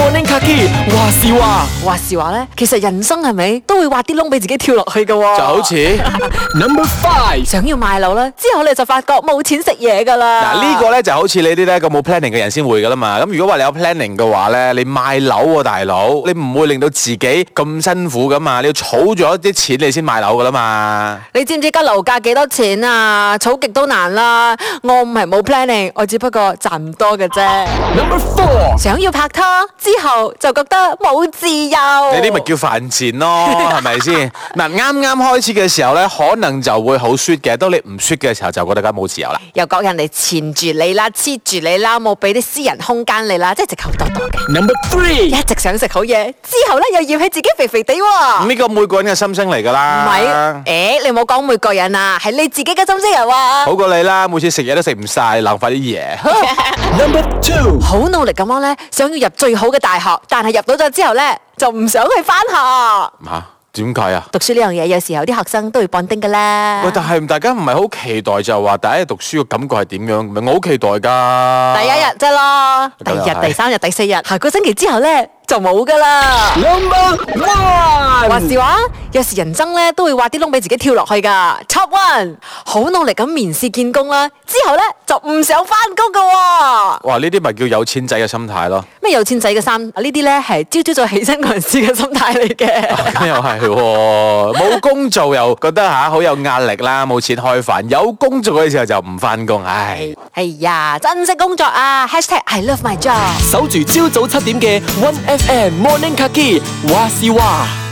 話事話，話事話咧，其實人生係咪都會挖啲窿俾自己跳落去噶，啊？就好似 Number Five 想要賣樓啦，之後你就發覺冇錢食嘢噶啦。嗱呢個咧就好似你啲咧咁冇 planning 嘅人先會噶啦嘛。咁如果話你有 planning 嘅話咧，你賣樓喎，啊，大佬，你唔會令到自己咁辛苦噶嘛。你要儲咗一啲錢你先賣樓噶啦嘛。你知唔知而家樓價幾多錢啊？儲極都難啦。我唔係冇 planning，我只不過賺唔多嘅啫。Number Four 想要拍拖。之後就覺得冇自由，你啲咪叫犯賤咯，係咪先？嗱，啱啱開始嘅時候咧，可能就會好 sweet 嘅，到你唔 sweet 嘅時候就覺得梗冇自由啦，又覺人哋纏住你啦，黐住你啦，冇俾啲私人空間你啦，即係直頭多多嘅。Number three，一直想食好嘢，之後咧又要起自己肥肥地喎、啊。呢個、嗯、每個人嘅心聲嚟噶啦，唔係，誒、欸，你冇講每個人啊，係你自己嘅心聲嚟、啊、好過你啦，每次食嘢都食唔晒，浪費啲嘢。 Number two. 好努力咁樣咧，想要入最好嘅大學，但係入到咗之後咧，就唔想去返學。吓，點解啊？讀書呢樣嘢，有時候啲學生都會半丁噶啦。喂，但係大家唔係好期待就話、是、第一日讀書嘅感覺係點樣？唔、就是、我好期待噶。第一日啫咯，第二日、第三日、第四日，是下個星期之後咧就冇噶啦。話事話，有時人生咧都會挖啲窿俾自己跳落去噶。Top one，好努力咁面試見工啦，之後咧就唔想返工噶。哇！呢啲咪叫有錢仔嘅心態咯。咩有錢仔嘅心？啊、呢啲咧係朝朝早起身嗰陣時嘅心態嚟嘅。咁又係，冇、哦、 工做又覺得吓好、啊、有壓力啦，冇錢開飯。有工作嘅時候就唔返工，唉。哎呀，珍惜工作啊！Hashtag I love my job。守住朝早七點嘅 One FM Morning Kaki，話事話。